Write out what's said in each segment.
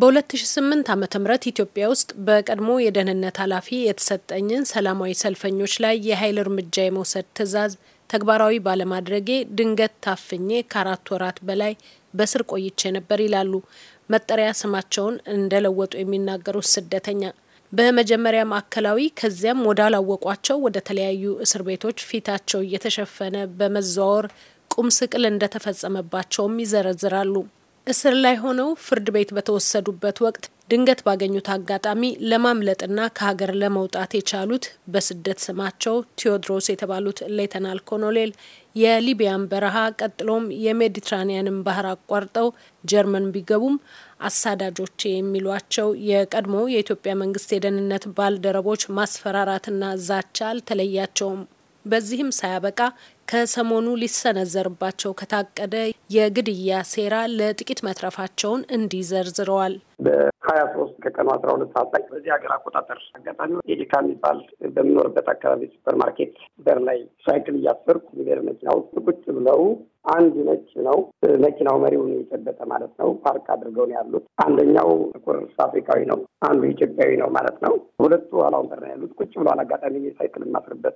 በ2008 ም ኢትዮጵያ ውስጥ በቀድሞ የደህንነት ኃላፊ የተሰጠኝን ሰላማዊ ሰልፈኞች ላይ የኃይል እርምጃ የመውሰድ ትዕዛዝ ተግባራዊ ባለማድረጌ ድንገት ታፍኜ ከአራት ወራት በላይ በስር ቆይቼ ነበር ይላሉ መጠሪያ ስማቸውን እንደለወጡ የሚናገሩት ስደተኛ። በመጀመሪያ ማዕከላዊ ከዚያም ወዳላወቋቸው ወደ ተለያዩ እስር ቤቶች ፊታቸው እየተሸፈነ በመዘዋወር ቁም ስቅል እንደተፈጸመባቸውም ይዘረዝራሉ። እስር ላይ ሆነው ፍርድ ቤት በተወሰዱበት ወቅት ድንገት ባገኙት አጋጣሚ ለማምለጥና ከሀገር ለመውጣት የቻሉት በስደት ስማቸው ቴዎድሮስ የተባሉት ሌተናል ኮሎኔል የሊቢያን በረሃ ቀጥሎም የሜዲትራኒያንን ባህር አቋርጠው ጀርመን ቢገቡም አሳዳጆቼ የሚሏቸው የቀድሞ የኢትዮጵያ መንግስት የደህንነት ባልደረቦች ማስፈራራትና ዛቻ አልተለያቸውም። በዚህም ሳያበቃ ከሰሞኑ ሊሰነዘርባቸው ከታቀደ የግድያ ሴራ ለጥቂት መትረፋቸውን እንዲህ ዘርዝረዋል። በሀያ ሶስት ከቀኑ አስራ ሁለት ሰዓት ላይ በዚህ ሀገር አቆጣጠር አጋጣሚ ኤዲካ የሚባል በምኖርበት አካባቢ ሱፐር ማርኬት በር ላይ ሳይክል እያሰርኩ ሚሄር መኪና ውስጥ ቁጭ ብለው አንድ ነጭ ነው። መኪናው መሪውን የጨበጠ ማለት ነው። ፓርክ አድርገው ነው ያሉት። አንደኛው ጥቁር አፍሪካዊ ነው፣ አንዱ ኢትዮጵያዊ ነው ማለት ነው። ሁለቱ ወንበር ነው ያሉት። ቁጭ ብለዋል። አጋጣሚ ሳይክል የማስርበት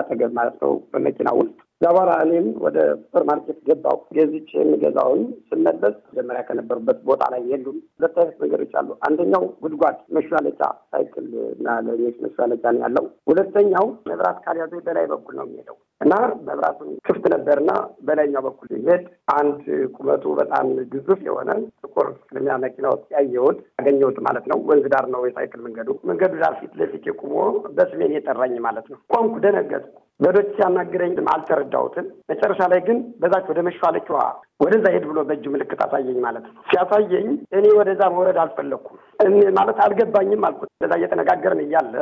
አጠገብ ማለት ነው በመኪናው ውስጥ ዛቧራ እኔም ወደ ሱፐር ማርኬት ገባሁ። ገዝቼ የሚገዛውን ስመለስ መጀመሪያ ከነበሩበት ቦታ ላይ የሉም። ሁለት አይነት ነገሮች አሉ። አንደኛው ጉድጓድ መሿለጫ ሳይክል እና ለኞች መሿለጫ ነው ያለው። ሁለተኛው መብራት ካልያዘ በላይ በኩል ነው የሚሄደው እና መብራቱን ክፍት ነበርና በላይኛው በኩል ሄድ አንድ ቁመቱ በጣም ግዙፍ የሆነ ጥቁር ቅድሚያ መኪና ውስጥ ያየሁት ያገኘሁት ማለት ነው። ወንዝ ዳር ነው የሳይክል መንገዱ። መንገዱ ዳር ፊት ለፊት ቁሞ በስሜን የጠራኝ ማለት ነው። ቆምኩ፣ ደነገጥኩ። በዶች ሲያናግረኝ አልተረዳሁትም። መጨረሻ ላይ ግን በዛች ወደ መሿለኪዋ ወደዛ ሄድ ብሎ በእጁ ምልክት አሳየኝ ማለት ነው። ሲያሳየኝ እኔ ወደዛ መውረድ አልፈለግኩም ማለት አልገባኝም አልኩት። በዛ እየተነጋገርን እያለ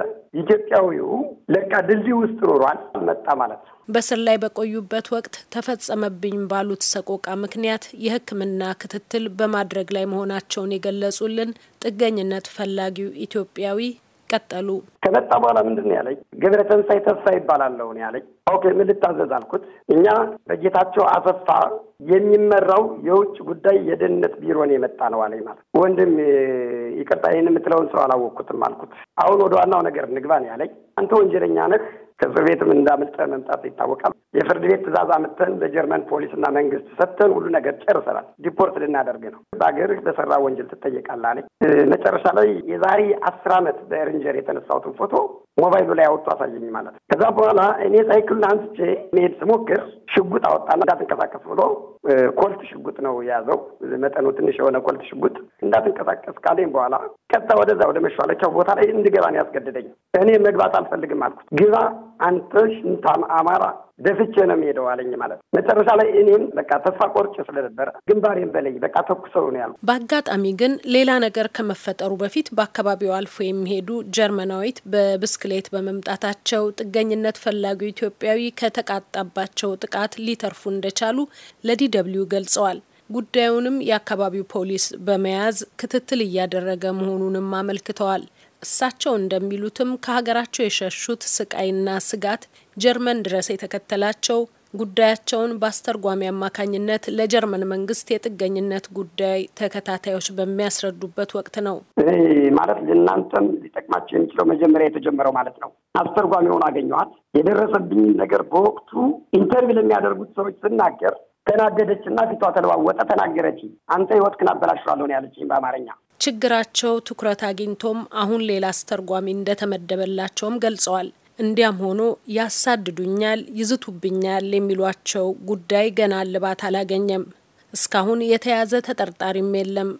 ኢትዮጵያዊው ለካ ድልድይ ውስጥ ኖሯል አልመጣ ማለት ነው። በስር ላይ በቆዩበት ወቅት ተፈጸመብኝ ባሉት ሰቆቃ ምክንያት የሕክምና ክትትል በማድረግ ላይ መሆናቸውን የገለጹልን ጥገኝነት ፈላጊው ኢትዮጵያዊ ቀጠሉ። ከመጣ በኋላ ምንድን ነው ያለኝ? ገብረ ተንሳይ ተስፋ ይባላለሁ ነው ያለኝ። ኦኬ ምን ልታዘዝ አልኩት። እኛ በጌታቸው አሰፋ የሚመራው የውጭ ጉዳይ የደህንነት ቢሮ ነው የመጣ ነው አለኝ። ማለት ወንድም ይቅርታ፣ ይህን የምትለውን ሰው አላወቅኩትም አልኩት። አሁን ወደ ዋናው ነገር ንግባ ነው ያለኝ። አንተ ወንጀለኛ ነህ፣ ከእስር ቤትም እንዳመልጠ መምጣት ይታወቃል። የፍርድ ቤት ትእዛዝ አምጥተን ለጀርመን ፖሊስና መንግስት ሰጥተን ሁሉ ነገር ጨርሰናል። ዲፖርት ልናደርግ ነው። በሀገር በሰራ ወንጀል ትጠየቃለህ አለኝ። መጨረሻ ላይ የዛሬ አስር ዓመት በኤርንጀር የተነሳሁትን ፎቶ ሞባይሉ ላይ አወጡ አሳየኝ ማለት ነው። ከዛ በኋላ እኔ ሳይክል አንስቼ መሄድ ስሞክር ሽጉጥ አወጣና እንዳትንቀሳቀስ ብሎ ኮልት ሽጉጥ ነው የያዘው፣ መጠኑ ትንሽ የሆነ ኮልት ሽጉጥ እንዳትንቀሳቀስ ካለኝ በኋላ ቀጥታ ወደዛ ወደ መሿለቻው ቦታ ላይ እንድገባ ነው ያስገደደኝ። እኔ መግባት አልፈልግም አልኩት። ግባ አንተ ሽንታም አማራ ደፍቼ ነው የሚሄደው አለኝ ማለት ነው። መጨረሻ ላይ እኔም በቃ ተስፋ ቆርጬ ስለነበረ ግንባሬን በለኝ በቃ ተኩሰው ነው ያሉ። በአጋጣሚ ግን ሌላ ነገር ከመፈጠሩ በፊት በአካባቢው አልፎ የሚሄዱ ጀርመናዊት በብስክ ሌት በመምጣታቸው ጥገኝነት ፈላጊው ኢትዮጵያዊ ከተቃጣባቸው ጥቃት ሊተርፉ እንደቻሉ ለዲደብሊው ገልጸዋል። ጉዳዩንም የአካባቢው ፖሊስ በመያዝ ክትትል እያደረገ መሆኑንም አመልክተዋል። እሳቸው እንደሚሉትም ከሀገራቸው የሸሹት ስቃይና ስጋት ጀርመን ድረስ የተከተላቸው ጉዳያቸውን በአስተርጓሚ አማካኝነት ለጀርመን መንግስት የጥገኝነት ጉዳይ ተከታታዮች በሚያስረዱበት ወቅት ነው። ማለት እናንተም ሊጠቅማቸው የሚችለው መጀመሪያ የተጀመረው ማለት ነው። አስተርጓሚ ሆኖ አገኘኋት። የደረሰብኝ ነገር በወቅቱ ኢንተርቪው ለሚያደርጉት ሰዎች ስናገር ተናደደች እና ፊቷ ተለዋወጠ። ተናገረች አንተ ህይወትክን አበላሸዋለሁ ያለችኝ በአማርኛ። ችግራቸው ትኩረት አግኝቶም አሁን ሌላ አስተርጓሚ እንደተመደበላቸውም ገልጸዋል። እንዲያም ሆኖ ያሳድዱኛል፣ ይዝቱብኛል የሚሏቸው ጉዳይ ገና እልባት አላገኘም። እስካሁን የተያዘ ተጠርጣሪም የለም።